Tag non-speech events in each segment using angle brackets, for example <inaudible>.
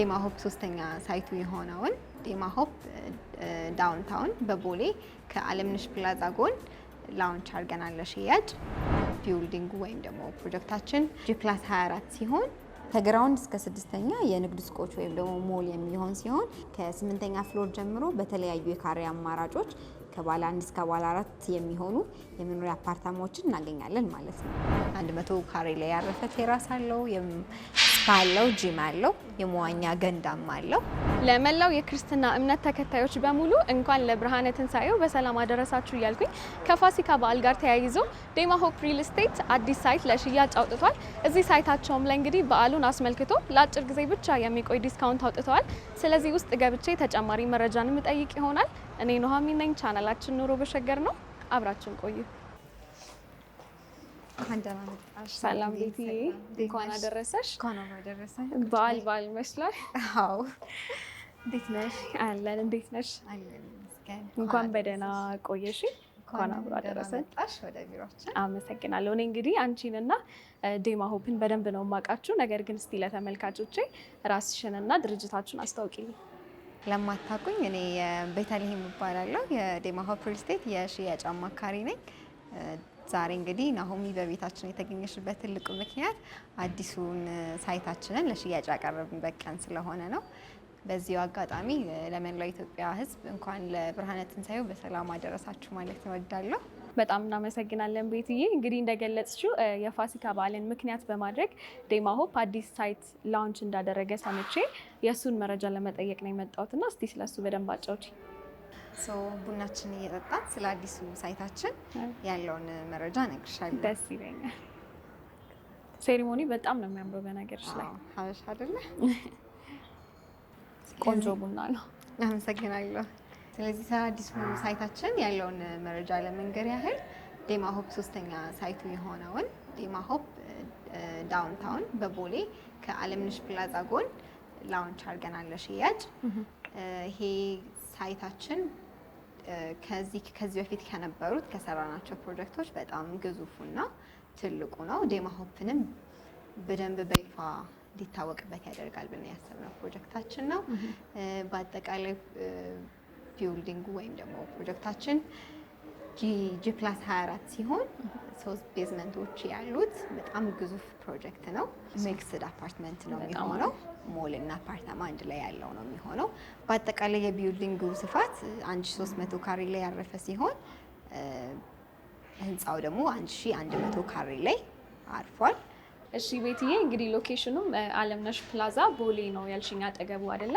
ዴማ ሆፕ ሶስተኛ ሳይቱ የሆነውን ዴማ ሆፕ ዳውንታውን በቦሌ ከአለምነሽ ፕላዛ ጎን ላውንች አድርገናል ለሽያጭ። ቢውልዲንግ ወይም ደግሞ ፕሮጀክታችን ጂ ፕላስ 24 ሲሆን ከግራውንድ እስከ ስድስተኛ የንግድ ሱቆች ወይም ደግሞ ሞል የሚሆን ሲሆን ከስምንተኛ ፍሎር ጀምሮ በተለያዩ የካሬ አማራጮች ከባለ አንድ እስከ ባለ አራት የሚሆኑ የመኖሪያ አፓርታማዎችን እናገኛለን ማለት ነው። አንድ መቶ ካሬ ላይ ያረፈ ቴራስ አለው። አለው፣ ጂም አለው፣ የመዋኛ ገንዳም አለው። ለመላው የክርስትና እምነት ተከታዮች በሙሉ እንኳን ለብርሃነ ትንሳኤው በሰላም አደረሳችሁ እያልኩኝ ከፋሲካ በዓል ጋር ተያይዞ ዴማ ሆፕ ሪል ስቴት አዲስ ሳይት ለሽያጭ አውጥቷል። እዚህ ሳይታቸውም ላይ እንግዲህ በዓሉን አስመልክቶ ለአጭር ጊዜ ብቻ የሚቆይ ዲስካውንት አውጥተዋል። ስለዚህ ውስጥ ገብቼ ተጨማሪ መረጃን ጠይቅ ይሆናል። እኔ ኑሃሚን ነኝ። ቻናላችን ኑሮ በሸገር ነው። አብራችን ቆዩ። ሰላም ቤቲ፣ እንኳን አደረሰሽ። በዓል በዓል ይመስላል። እንዴት ነሽ? አለን። እንዴት ነሽ? እንኳን በደህና ቆየሽ። እንኳን አብሮ አደረሰን። አመሰግናለሁ። እኔ እንግዲህ አንቺንና ዴማ ሆፕን በደንብ ነው የማውቃችሁ። ነገር ግን እስቲ ለተመልካቾቼ ራስሽንና ድርጅታችሁን አስታውቂልኝ። ለማታውቁኝ እኔ ቤተልሔም እባላለሁ። የዴማ ሆፕ ሪል ስቴት የሽያጭ አማካሪ ነኝ። ዛሬ እንግዲህ ናሆሚ በቤታችን የተገኘሽበት ትልቁ ምክንያት አዲሱን ሳይታችንን ለሽያጭ ያቀረብንበት ቀን ስለሆነ ነው። በዚሁ አጋጣሚ ለመላው ኢትዮጵያ ሕዝብ እንኳን ለብርሃነ ትንሣኤው በሰላም አደረሳችሁ ማለት እወዳለሁ። በጣም እናመሰግናለን ቤትዬ። እንግዲህ እንደገለጽሽው የፋሲካ በዓልን ምክንያት በማድረግ ዴማ ሆፕ አዲስ ሳይት ላውንች እንዳደረገ ሰምቼ የእሱን መረጃ ለመጠየቅ ነው የመጣሁትና እስቲ ስለሱ በደንብ አጫውቺ። ሰው ቡናችን እየጠጣን ስለ አዲሱ ሳይታችን ያለውን መረጃ እነግርሻለሁ። ደስ ይለኛል። ሴሪሞኒ በጣም ነው የሚያምረው። በነገርሽ ላይ ሀበሻ አይደለ? <laughs> ቆንጆ ቡና ነው። አመሰግናለሁ። ስለዚህ ስለ አዲሱ ሳይታችን ያለውን መረጃ ለመንገር ያህል ዴማ ሆፕ ሶስተኛ ሳይቱ የሆነውን ዴማ ሆፕ ዳውንታውን በቦሌ ከአለምነሽ ፕላዛ ጎን ላውንች አድርገናል ለሽያጭ ይሄ ሳይታችን ከዚህ ከዚህ በፊት ከነበሩት ከሰራናቸው ፕሮጀክቶች በጣም ግዙፉና ትልቁ ነው። ዴማ ሆፕንም በደንብ በይፋ እንዲታወቅበት ያደርጋል ብለን ያሰብነው ፕሮጀክታችን ነው። በአጠቃላይ ቢውልዲንጉ ወይም ደግሞ ፕሮጀክታችን ጂ ፕላስ 24 ሲሆን ሶስት ቤዝመንቶች ያሉት በጣም ግዙፍ ፕሮጀክት ነው። ሚክስድ አፓርትመንት ነው የሚሆነው። ሞል እና አፓርታማ አንድ ላይ ያለው ነው የሚሆነው። በአጠቃላይ የቢውልዲንጉ ስፋት 1300 ካሬ ላይ ያረፈ ሲሆን ህንፃው ደግሞ 1100 ካሬ ላይ አርፏል። እሺ ቤትዬ እንግዲህ ሎኬሽኑም አለምነሽ ፕላዛ ቦሌ ነው ያልሽኝ፣ አጠገቡ አይደለ?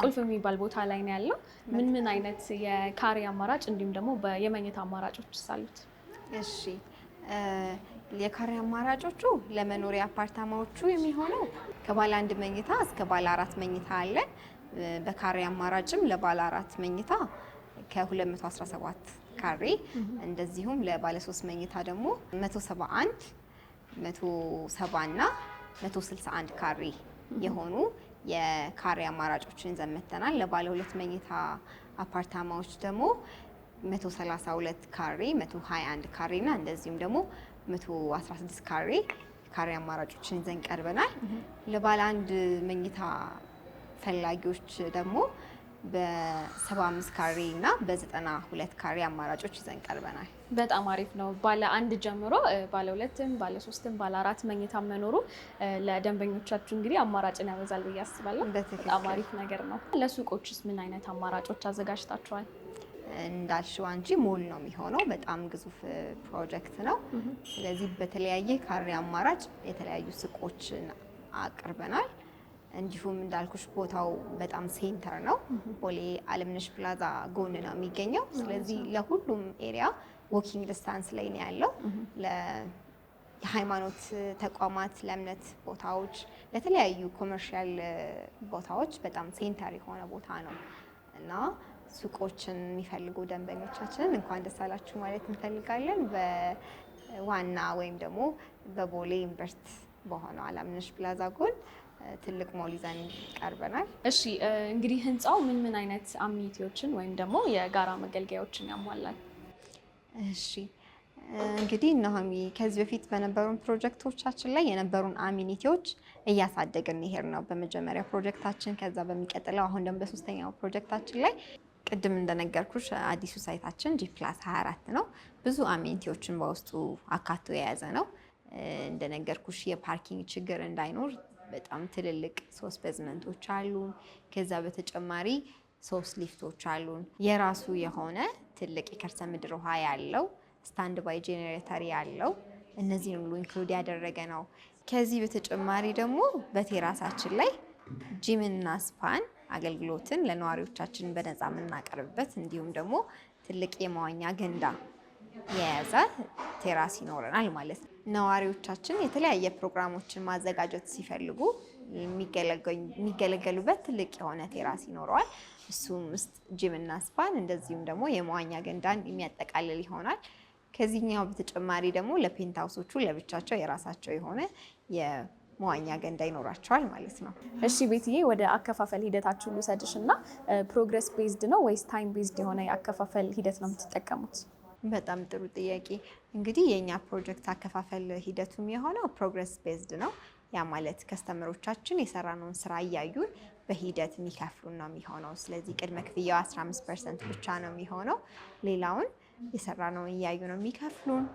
ቁልፍ የሚባል ቦታ ላይ ነው ያለው። ምን ምን አይነት የካሬ አማራጭ እንዲሁም ደግሞ የመኝታ አማራጮች ሳሉት? እሺ የካሬ አማራጮቹ ለመኖሪያ አፓርታማዎቹ የሚሆነው ከባለ አንድ መኝታ እስከ ባለ አራት መኝታ አለ። በካሬ አማራጭም ለባለ አራት መኝታ ከ217 ካሬ እንደዚሁም ለባለ ሶስት መኝታ ደግሞ 171 170 እና 161 ካሬ የሆኑ የካሬ አማራጮችን ይዘን መጥተናል። ለባለ ሁለት መኝታ አፓርታማዎች ደግሞ 132 ካሬ፣ 121 ካሬ እና እንደዚሁም ደግሞ 116 ካሬ ካሬ አማራጮችን ይዘን ቀርበናል። ለባለ አንድ መኝታ ፈላጊዎች ደግሞ በ75 ካሬ እና በ92 ካሬ አማራጮች ይዘን ቀርበናል። በጣም አሪፍ ነው። ባለ አንድ ጀምሮ ባለ ሁለትም ባለ ሶስትም ባለ አራት መኝታ መኖሩ ለደንበኞቻችሁ እንግዲህ አማራጭን ያበዛል ብዬ አስባለሁ። በጣም አሪፍ ነገር ነው። ለሱቆችስ ምን አይነት አማራጮች አዘጋጅታችኋል? እንዳልሽው አንቺ ሞል ነው የሚሆነው። በጣም ግዙፍ ፕሮጀክት ነው። ስለዚህ በተለያየ ካሬ አማራጭ የተለያዩ ሱቆችን አቅርበናል። እንዲሁም እንዳልኩሽ ቦታው በጣም ሴንተር ነው። ቦሌ አለምነሽ ፕላዛ ጎን ነው የሚገኘው። ስለዚህ ለሁሉም ኤሪያ ዎኪንግ ዲስታንስ ላይ ነው ያለው። የሃይማኖት ተቋማት፣ ለእምነት ቦታዎች፣ ለተለያዩ ኮመርሻል ቦታዎች በጣም ሴንተር የሆነ ቦታ ነው እና ሱቆችን የሚፈልጉ ደንበኞቻችንን እንኳን ደስ አላችሁ ማለት እንፈልጋለን። በዋና ወይም ደግሞ በቦሌ ዩኒቨርስቲ በሆነው አለምነሽ ፕላዛ ጎን ትልቅ ሞል ይዘን ቀርበናል። እሺ እንግዲህ ህንፃው ምን ምን አይነት አሚኒቲዎችን ወይም ደግሞ የጋራ መገልገያዎችን ያሟላል? እሺ እንግዲህ እነሆሚ ከዚህ በፊት በነበሩን ፕሮጀክቶቻችን ላይ የነበሩን አሚኒቲዎች እያሳደግን ይሄድ ነው። በመጀመሪያ ፕሮጀክታችን፣ ከዛ በሚቀጥለው አሁን ደግሞ በሶስተኛው ፕሮጀክታችን ላይ ቅድም እንደነገርኩሽ አዲሱ ሳይታችን ጂ ፕላስ 24 ነው። ብዙ አሚኒቲዎችን በውስጡ አካቶ የያዘ ነው። እንደነገርኩሽ የፓርኪንግ ችግር እንዳይኖር በጣም ትልልቅ ሶስት በዝመንቶች አሉን። ከዛ በተጨማሪ ሶስት ሊፍቶች አሉን። የራሱ የሆነ ትልቅ የከርሰ ምድር ውሃ ያለው ስታንድ ባይ ጄኔሬተር ያለው እነዚህን ሁሉ ኢንክሉድ ያደረገ ነው። ከዚህ በተጨማሪ ደግሞ በቴራሳችን ላይ ጂምና ስፓን አገልግሎትን ለነዋሪዎቻችን በነፃ የምናቀርብበት እንዲሁም ደግሞ ትልቅ የመዋኛ ገንዳ የያዘ ቴራስ ይኖረናል ማለት ነው። ነዋሪዎቻችን የተለያየ ፕሮግራሞችን ማዘጋጀት ሲፈልጉ የሚገለገሉበት ትልቅ የሆነ ቴራስ ይኖረዋል። እሱም ውስጥ ጅምና ስፓን እንደዚሁም ደግሞ የመዋኛ ገንዳን የሚያጠቃልል ይሆናል። ከዚህኛው በተጨማሪ ደግሞ ለፔንታውሶቹ ለብቻቸው የራሳቸው የሆነ መዋኛ ገንዳ ይኖራቸዋል ማለት ነው። እሺ ቤትዬ፣ ወደ አከፋፈል ሂደታችሁ ልውሰድሽ እና ፕሮግረስ ቤዝድ ነው ወይስ ታይም ቤዝድ የሆነ የአከፋፈል ሂደት ነው የምትጠቀሙት? በጣም ጥሩ ጥያቄ። እንግዲህ የእኛ ፕሮጀክት አከፋፈል ሂደቱም የሆነው ፕሮግረስ ቤዝድ ነው። ያ ማለት ከስተመሮቻችን የሰራነውን ስራ እያዩን በሂደት የሚከፍሉን ነው የሚሆነው። ስለዚህ ቅድመ ክፍያው 15 ፐርሰንት ብቻ ነው የሚሆነው። ሌላውን የሰራነውን እያዩ ነው የሚከፍሉን።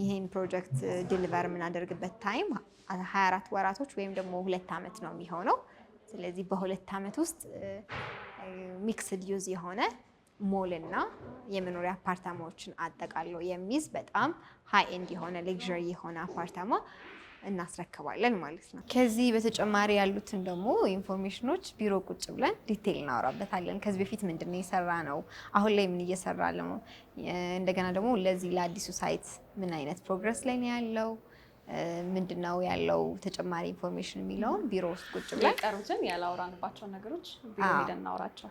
ይህን ፕሮጀክት ዲሊቨር የምናደርግበት ታይም 24 ወራቶች ወይም ደግሞ ሁለት ዓመት ነው የሚሆነው። ስለዚህ በሁለት ዓመት ውስጥ ሚክስድ ዩዝ የሆነ ሞልና የመኖሪያ አፓርታማዎችን አጠቃሎ የሚይዝ በጣም ሀይ ኤንድ የሆነ ሌክዥሪ የሆነ አፓርታማ እናስረክባለን ማለት ነው። ከዚህ በተጨማሪ ያሉትን ደግሞ ኢንፎርሜሽኖች ቢሮ ቁጭ ብለን ዲቴይል እናወራበታለን። ከዚህ በፊት ምንድን ነው የሰራ ነው፣ አሁን ላይ ምን እየሰራ ነው፣ እንደገና ደግሞ ለዚህ ለአዲሱ ሳይት ምን አይነት ፕሮግረስ ላይ ነው ያለው ምንድነው ያለው ተጨማሪ ኢንፎርሜሽን የሚለውን ቢሮ ውስጥ ቁጭ ብለን የቀሩትን ያላወራንባቸውን ነገሮች ቢሮ ሄደን እናውራቸው።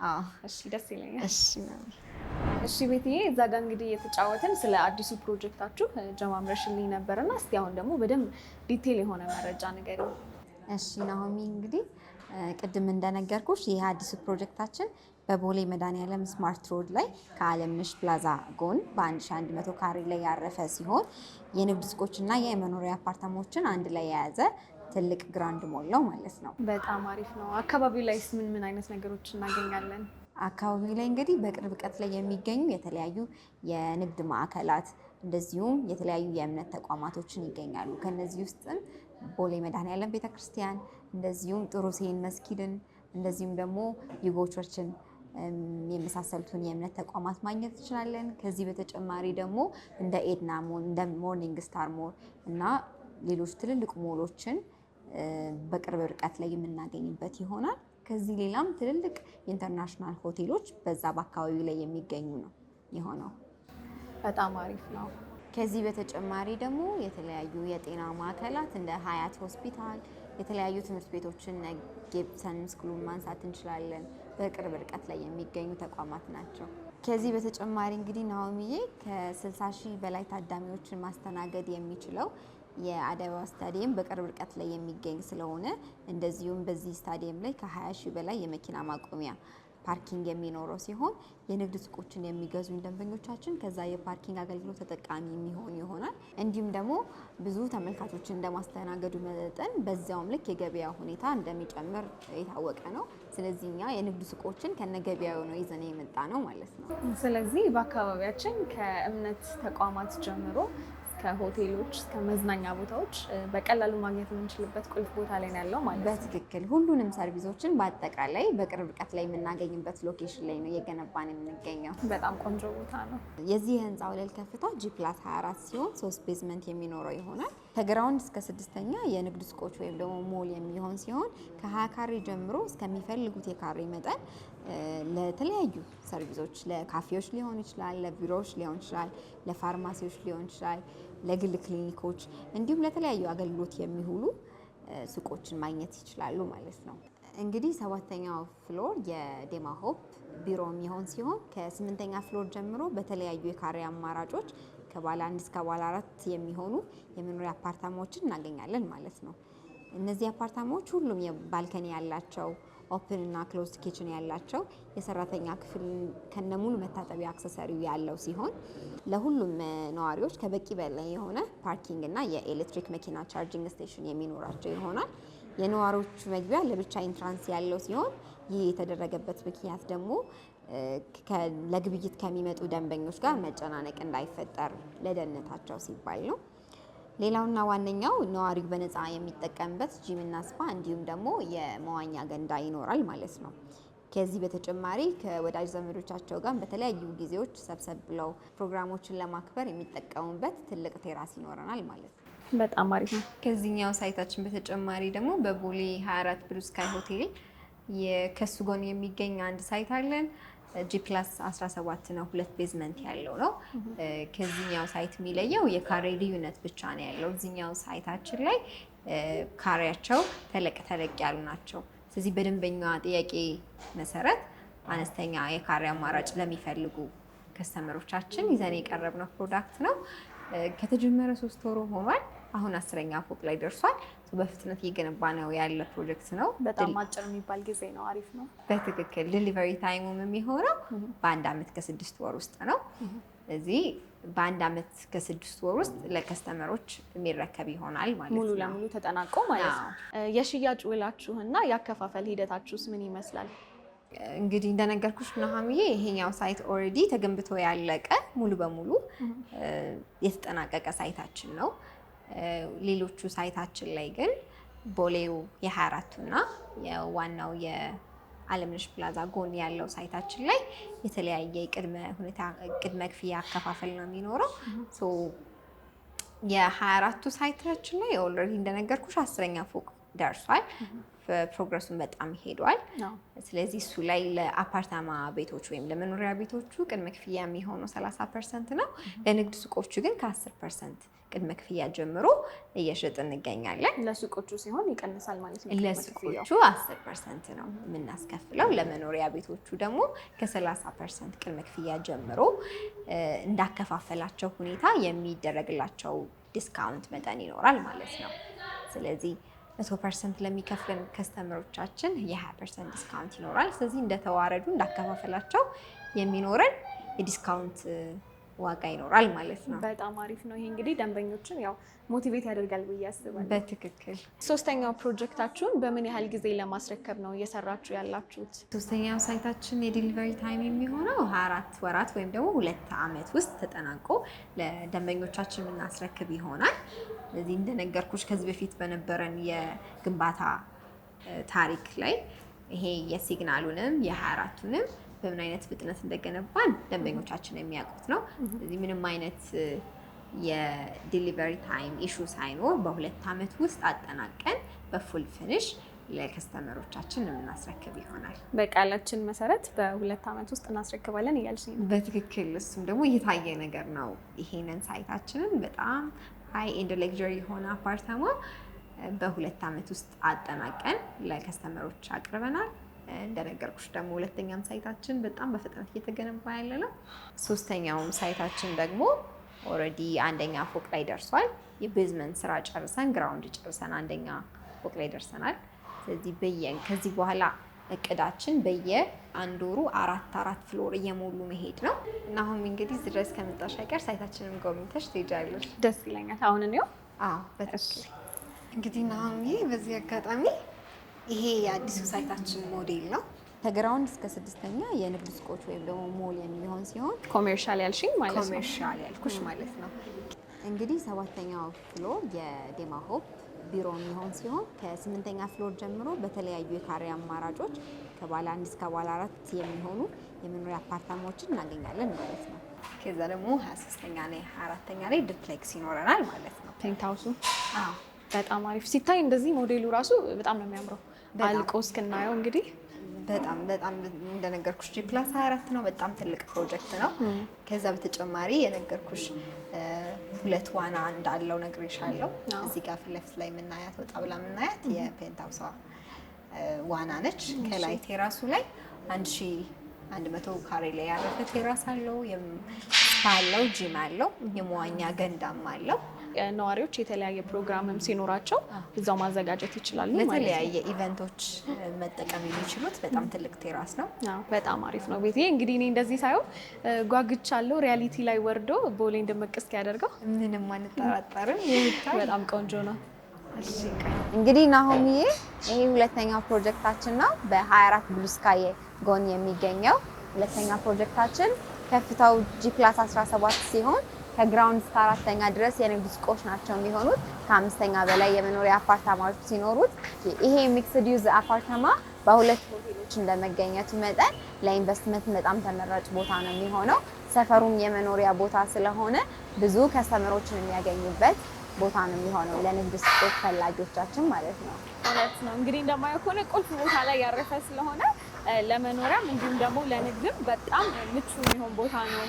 እሺ፣ ደስ ይለኛል። እሺ ቤትዬ፣ እዛ ጋ እንግዲህ የተጫወትን ስለ አዲሱ ፕሮጀክታችሁ ጀማምረሽልኝ ነበርና እስቲ አሁን ደግሞ በደንብ ዲቴል የሆነ መረጃ ነገር እሺ ናሆሚ እንግዲህ ቅድም እንደነገርኩሽ ይህ አዲሱ ፕሮጀክታችን በቦሌ መድኃኔዓለም ስማርት ሮድ ላይ ከአለምነሽ ፕላዛ ጎን በ1100 ካሬ ላይ ያረፈ ሲሆን የንግድ ሱቆችና የመኖሪያ አፓርታማዎችን አንድ ላይ የያዘ ትልቅ ግራንድ ሞል ነው ማለት ነው። በጣም አሪፍ ነው። አካባቢው ላይ ምን ምን አይነት ነገሮች እናገኛለን? አካባቢው ላይ እንግዲህ በቅርብ ቀት ላይ የሚገኙ የተለያዩ የንግድ ማዕከላት እንደዚሁም የተለያዩ የእምነት ተቋማቶችን ይገኛሉ። ከነዚህ ውስጥም ቦሌ መድኃኔዓለም ቤተክርስቲያን፣ እንደዚሁም ጥሩ ሴን መስጊድን እንደዚሁም ደግሞ ይጎቾችን የመሳሰሉትን የእምነት ተቋማት ማግኘት ትችላለን። ከዚህ በተጨማሪ ደግሞ እንደ ኤድና ሞል፣ እንደ ሞርኒንግ ስታር ሞል እና ሌሎች ትልልቅ ሞሎችን በቅርብ ርቀት ላይ የምናገኝበት ይሆናል። ከዚህ ሌላም ትልልቅ ኢንተርናሽናል ሆቴሎች በዛ በአካባቢው ላይ የሚገኙ ነው የሆነው። በጣም አሪፍ ነው። ከዚህ በተጨማሪ ደግሞ የተለያዩ የጤና ማዕከላት እንደ ሀያት ሆስፒታል፣ የተለያዩ ትምህርት ቤቶችን ጌብሰን ስኩሉን ማንሳት እንችላለን። በቅርብ ርቀት ላይ የሚገኙ ተቋማት ናቸው። ከዚህ በተጨማሪ እንግዲህ ናሆሚዬ ከ60 ሺህ በላይ ታዳሚዎችን ማስተናገድ የሚችለው የአዳዋ ስታዲየም በቅርብ ርቀት ላይ የሚገኝ ስለሆነ እንደዚሁም በዚህ ስታዲየም ላይ ከ20 ሺህ በላይ የመኪና ማቆሚያ ፓርኪንግ የሚኖረው ሲሆን የንግድ ሱቆችን የሚገዙኝ ደንበኞቻችን ከዛ የፓርኪንግ አገልግሎት ተጠቃሚ የሚሆን ይሆናል። እንዲሁም ደግሞ ብዙ ተመልካቾችን እንደማስተናገዱ መጠን በዚያውም ልክ የገበያ ሁኔታ እንደሚጨምር የታወቀ ነው። ስለዚህ እኛ የንግድ ሱቆችን ገበያ ነው ይዘን የመጣ ነው ማለት ነው። ስለዚህ በአካባቢያችን ከእምነት ተቋማት ጀምሮ ከሆቴሎች እስከ መዝናኛ ቦታዎች በቀላሉ ማግኘት የምንችልበት ቁልፍ ቦታ ላይ ነው ያለው ማለት ነው። በትክክል ሁሉንም ሰርቪሶችን በአጠቃላይ በቅርብ ርቀት ላይ የምናገኝበት ሎኬሽን ላይ ነው እየገነባን የምንገኘው። በጣም ቆንጆ ቦታ ነው። የዚህ የህንፃ ወለል ከፍታ ጂፕላስ 24 ሲሆን ሶስት ቤዝመንት የሚኖረው ይሆናል። ከግራውንድ እስከ ስድስተኛ የንግድ ሱቆች ወይም ደግሞ ሞል የሚሆን ሲሆን ከሀያ ካሬ ጀምሮ እስከሚፈልጉት የካሬ መጠን ለተለያዩ ሰርቪሶች ለካፌዎች ሊሆን ይችላል፣ ለቢሮዎች ሊሆን ይችላል፣ ለፋርማሲዎች ሊሆን ይችላል ለግል ክሊኒኮች እንዲሁም ለተለያዩ አገልግሎት የሚውሉ ሱቆችን ማግኘት ይችላሉ ማለት ነው። እንግዲህ ሰባተኛው ፍሎር የዴማ ሆፕ ቢሮ የሚሆን ሲሆን ከስምንተኛ ፍሎር ጀምሮ በተለያዩ የካሬ አማራጮች ከባለ አንድ እስከ ባለ አራት የሚሆኑ የመኖሪያ አፓርታማዎችን እናገኛለን ማለት ነው። እነዚህ አፓርታማዎች ሁሉም የባልከኒ ያላቸው ኦፕን እና ክሎዝድ ኪችን ያላቸው የሰራተኛ ክፍል ከነሙሉ መታጠቢያ አክሰሰሪው ያለው ሲሆን ለሁሉም ነዋሪዎች ከበቂ በላይ የሆነ ፓርኪንግ እና የኤሌክትሪክ መኪና ቻርጅንግ ስቴሽን የሚኖራቸው ይሆናል። የነዋሪዎቹ መግቢያ ለብቻ ኢንትራንስ ያለው ሲሆን ይህ የተደረገበት ምክንያት ደግሞ ለግብይት ከሚመጡ ደንበኞች ጋር መጨናነቅ እንዳይፈጠር ለደህንነታቸው ሲባል ነው። ሌላውና ዋነኛው ነዋሪው በነፃ የሚጠቀምበት ጂምና ስፓ እንዲሁም ደግሞ የመዋኛ ገንዳ ይኖራል ማለት ነው። ከዚህ በተጨማሪ ከወዳጅ ዘመዶቻቸው ጋር በተለያዩ ጊዜዎች ሰብሰብ ብለው ፕሮግራሞችን ለማክበር የሚጠቀሙበት ትልቅ ቴራስ ይኖረናል ማለት ነው። በጣም አሪፍ ነው። ከዚህኛው ሳይታችን በተጨማሪ ደግሞ በቦሌ 24 ብሉ ስካይ ሆቴል ከሱ ጎን የሚገኝ አንድ ሳይት አለን። ጂ ፕላስ 17 ነው። ሁለት ቤዝመንት ያለው ነው። ከዚህኛው ሳይት የሚለየው የካሬ ልዩነት ብቻ ነው ያለው። እዚኛው ሳይታችን ላይ ካሬያቸው ተለቅ ተለቅ ያሉ ናቸው። ስለዚህ በደንበኛ ጥያቄ መሰረት አነስተኛ የካሬ አማራጭ ለሚፈልጉ ከስተመሮቻችን ይዘን የቀረብነው ፕሮዳክት ነው። ከተጀመረ ሶስት ወሮ ሆኗል። አሁን አስረኛ ፎቅ ላይ ደርሷል። በፍጥነት እየገነባ ነው ያለ ፕሮጀክት ነው። በጣም አጭር የሚባል ጊዜ ነው። አሪፍ ነው። በትክክል ዲሊቨሪ ታይሙም የሚሆነው በአንድ አመት ከስድስት ወር ውስጥ ነው። እዚህ በአንድ አመት ከስድስት ወር ውስጥ ለከስተመሮች የሚረከብ ይሆናል ማለት ነው። ሙሉ ለሙሉ ተጠናቆ ማለት ነው። የሽያጭ እና የአከፋፈል ሂደታችሁስ ምን ይመስላል? እንግዲህ እንደነገርኩሽ ምናምዬ ይሄኛው ሳይት ኦልሬዲ ተገንብቶ ያለቀ ሙሉ በሙሉ የተጠናቀቀ ሳይታችን ነው። ሌሎቹ ሳይታችን ላይ ግን ቦሌው የ24ቱና የዋናው የአለምነሽ ፕላዛ ጎን ያለው ሳይታችን ላይ የተለያየ ቅድመ ክፍያ አከፋፈል ነው የሚኖረው። የ24ቱ ሳይታችን ላይ ኦልሬዲ እንደነገርኩሽ አስረኛ ፎቅ ደርሷል። ፕሮግረሱን በጣም ሄዷል። ስለዚህ እሱ ላይ ለአፓርታማ ቤቶች ወይም ለመኖሪያ ቤቶቹ ቅድመ ክፍያ የሚሆነው 30 ፐርሰንት ነው። ለንግድ ሱቆቹ ግን ከ10 ፐርሰንት ቅድመ ክፍያ ጀምሮ እየሸጥ እንገኛለን። ለሱቆቹ ሲሆን ይቀንሳል ማለት ነው። ለሱቆቹ 10 ፐርሰንት ነው የምናስከፍለው። ለመኖሪያ ቤቶቹ ደግሞ ከ30 ፐርሰንት ቅድመ ክፍያ ጀምሮ እንዳከፋፈላቸው ሁኔታ የሚደረግላቸው ዲስካውንት መጠን ይኖራል ማለት ነው። ስለዚህ መቶ ፐርሰንት ለሚከፍልን ከስተምሮቻችን የ20 ፐርሰንት ዲስካውንት ይኖራል። ስለዚህ እንደተዋረዱ እንዳከፋፈላቸው የሚኖረን የዲስካውንት ዋጋ ይኖራል ማለት ነው። በጣም አሪፍ ነው። ይሄ እንግዲህ ደንበኞችን ያው ሞቲቬት ያደርጋል ብዬ አስባለሁ። በትክክል ሶስተኛው ፕሮጀክታችሁን በምን ያህል ጊዜ ለማስረከብ ነው እየሰራችሁ ያላችሁት? ሶስተኛው ሳይታችን የዲሊቨሪ ታይም የሚሆነው ሀያ አራት ወራት ወይም ደግሞ ሁለት አመት ውስጥ ተጠናቆ ለደንበኞቻችን የምናስረክብ ይሆናል። እዚህ እንደነገርኩች ከዚህ በፊት በነበረን የግንባታ ታሪክ ላይ ይሄ የሲግናሉንም የ በምን አይነት ፍጥነት እንደገነባን ደንበኞቻችን የሚያውቁት ነው። ስለዚህ ምንም አይነት የዲሊቨሪ ታይም ኢሹ ሳይኖር በሁለት ዓመት ውስጥ አጠናቀን በፉል ፊኒሽ ለከስተመሮቻችን የምናስረክብ ይሆናል። በቃላችን መሰረት በሁለት ዓመት ውስጥ እናስረክባለን እያልሽ ነው። በትክክል እሱም ደግሞ እየታየ ነገር ነው። ይሄንን ሳይታችንን በጣም ሀይ ኤንድ ሌግሪ የሆነ አፓርታማ በሁለት ዓመት ውስጥ አጠናቀን ለከስተመሮች አቅርበናል። እንደነገርኩሽ ደግሞ ሁለተኛም ሳይታችን በጣም በፍጥነት እየተገነባ ያለ ነው። ሶስተኛውም ሳይታችን ደግሞ ኦልሬዲ አንደኛ ፎቅ ላይ ደርሷል። የቤዝመንት ስራ ጨርሰን ግራውንድ ጨርሰን አንደኛ ፎቅ ላይ ደርሰናል። ስለዚህ በየን ከዚህ በኋላ እቅዳችን በየ አንድ ወሩ አራት አራት ፍሎር እየሞሉ መሄድ ነው እና አሁን እንግዲህ እዚህ ድረስ ከመጣሽ አይቀር ሳይታችንም ጎብኝተሽ ትሄጃለሽ። ደስ ይለኛል። አሁን ነው። አዎ በትክክል እንግዲህ ናሆም፣ በዚህ አጋጣሚ ይሄ የአዲሱ ሳይታችን ሞዴል ነው። ከግራውንድ እስከ ስድስተኛ የንግድ ሱቆች ወይም ደግሞ ሞል የሚሆን ሲሆን ኮሜርሻል ያልሽኝ ማለት ነው። ኮሜርሻል ያልኩሽ ማለት ነው። እንግዲህ ሰባተኛው ፍሎር የዴማ ሆፕ ቢሮ የሚሆን ሲሆን ከስምንተኛ ፍሎር ጀምሮ በተለያዩ የካሬ አማራጮች ከባለ አንድ እስከ ባለ አራት የሚሆኑ የመኖሪያ አፓርታማዎችን እናገኛለን ማለት ነው። ከዛ ደግሞ ሀያ ሶስተኛ ላይ ሀያ አራተኛ ላይ ድፕሌክስ ይኖረናል ማለት ነው። ፔንት ሀውሱ በጣም አሪፍ ሲታይ እንደዚህ ሞዴሉ ራሱ በጣም ነው የሚያምረው አልቆ እስክናየው እንግዲህ በጣም በጣም እንደነገርኩሽ ጂ ፕላስ 24 ነው። በጣም ትልቅ ፕሮጀክት ነው። ከዛ በተጨማሪ የነገርኩሽ ሁለት ዋና እንዳለው ነግሬሻለሁ። እዚህ ጋር ፊት ለፊት ላይ የምናያት ወጣ ብላ የምናያት የፔንታውሷ ዋና ነች። ከላይ ቴራሱ ላይ መቶ ካሬ ላይ ያረፈ ቴራስ አለው። ስፓ አለው፣ ጂም አለው፣ የመዋኛ ገንዳም አለው። ነዋሪዎች የተለያየ ፕሮግራምም ሲኖራቸው እዛው ማዘጋጀት ይችላሉ። ለተለያየ ኢቨንቶች መጠቀም የሚችሉት በጣም ትልቅ ቴራስ ነው። በጣም አሪፍ ነው። ቤት እንግዲህ እኔ እንደዚህ ሳየው ጓጉቻለሁ። ሪያሊቲ ላይ ወርዶ ቦሌ እንደመቅ እስኪያደርገው ምንም አንጠራጠርም። በጣም ቆንጆ ነው። እንግዲህ ናሆምዬ ይህ ሁለተኛው ፕሮጀክታችን ነው። በ24 ብሉ ጎን የሚገኘው ሁለተኛ ፕሮጀክታችን ከፍታው ጂፕላስ 17 ሲሆን ከግራውንድ እስከ አራተኛ ድረስ የንግድ ሱቆች ናቸው የሚሆኑት። ከአምስተኛ በላይ የመኖሪያ አፓርታማዎች ሲኖሩት ይሄ ሚክስድ ዩዝ አፓርታማ በሁለት ሆቴሎች እንደመገኘቱ መጠን ለኢንቨስትመንት በጣም ተመራጭ ቦታ ነው የሚሆነው። ሰፈሩም የመኖሪያ ቦታ ስለሆነ ብዙ ከስተመሮችን የሚያገኙበት ቦታ ነው የሚሆነው ለንግድ ሱቆች ፈላጊዎቻችን ማለት ነው። እውነት ነው እንግዲህ እንደማየው ከሆነ ቁልፍ ቦታ ላይ ያረፈ ስለሆነ ለመኖሪያም እንዲሁም ደግሞ ለንግድም በጣም ምቹ የሚሆን ቦታ ነው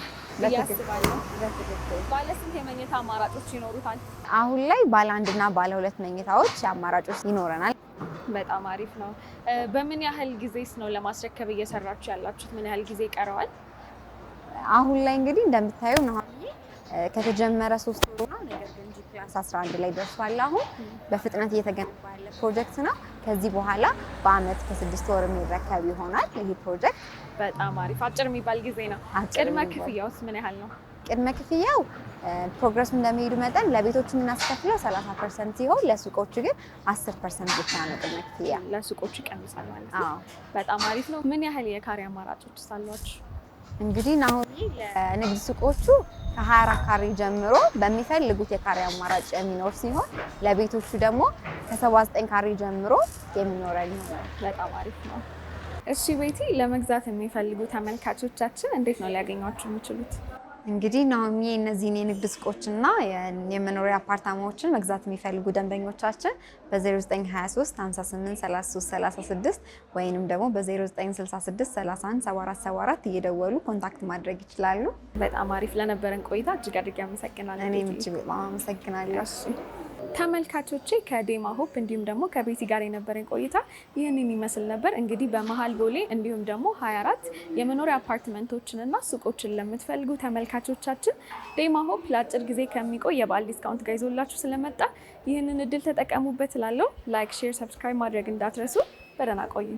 ባለስንት የመኝታ አማራጮች ይኖሩታል? አሁን ላይ ባለ አንድና ባለ ሁለት መኝታዎች አማራጮች ይኖረናል። በጣም አሪፍ ነው። በምን ያህል ጊዜስ ነው ለማስረከብ እየሰራችሁ ያላችሁት? ምን ያህል ጊዜ ይቀረዋል? አሁን ላይ እንግዲህ እንደምታየው ነው ከተጀመረ ሶስት ወሩ ነው። ነገር ግን ጂፒላንስ 11 ላይ ደርሷል። አሁን በፍጥነት እየተገነባ ያለ ፕሮጀክት ነው። ከዚህ በኋላ በአመት ከስድስት ወር የሚረከብ ይሆናል። ይህ ፕሮጀክት በጣም አሪፍ አጭር የሚባል ጊዜ ነው። ቅድመ ክፍያውስ ምን ያህል ነው? ቅድመ ክፍያው ፕሮግረሱ እንደሚሄዱ መጠን ለቤቶች የምናስከፍለው 30 ፐርሰንት ሲሆን ለሱቆቹ ግን 10 ፐርሰንት ብቻ ነው ቅድመ ክፍያ። ለሱቆቹ ይቀንሳል ማለት ነው። በጣም አሪፍ ነው። ምን ያህል የካሬ አማራጮች አሏችሁ? እንግዲህ አሁን ለንግድ ሱቆቹ ከ24 ካሬ ጀምሮ በሚፈልጉት የካሬ አማራጭ የሚኖር ሲሆን ለቤቶቹ ደግሞ ከ79 ካሬ ጀምሮ የሚኖረን ይሆናል። በጣም አሪፍ ነው። እሺ ቤቲ፣ ለመግዛት የሚፈልጉ ተመልካቾቻችን እንዴት ነው ሊያገኟቸው የሚችሉት? እንግዲህ ናኦሚ እነዚህን የንግድ እና የመኖሪያ አፓርታማዎችን መግዛት የሚፈልጉ ደንበኞቻችን በ0923 58 ወይንም ደግሞ በ0966 እየደወሉ ኮንታክት ማድረግ ይችላሉ። በጣም አሪፍ ለነበረን ቆይታ እጅግ አድርጌ አመሰግናለሁ። እኔም እጅግ በጣም አመሰግናለሁ። ተመልካቾቼ ከዴማ ሆፕ እንዲሁም ደግሞ ከቤቲ ጋር የነበረኝ ቆይታ ይህንን ይመስል ነበር። እንግዲህ በመሀል ቦሌ እንዲሁም ደግሞ 24 የመኖሪያ አፓርትመንቶችንና ሱቆችን ለምትፈልጉ ተመልካቾቻችን ዴማ ሆፕ ለአጭር ጊዜ ከሚቆይ የበዓል ዲስካውንት ጋር ይዞላችሁ ስለመጣ ይህንን እድል ተጠቀሙበት። ላለው ላይክ፣ ሼር፣ ሰብስክራይብ ማድረግ እንዳትረሱ። በደህና ቆዩ።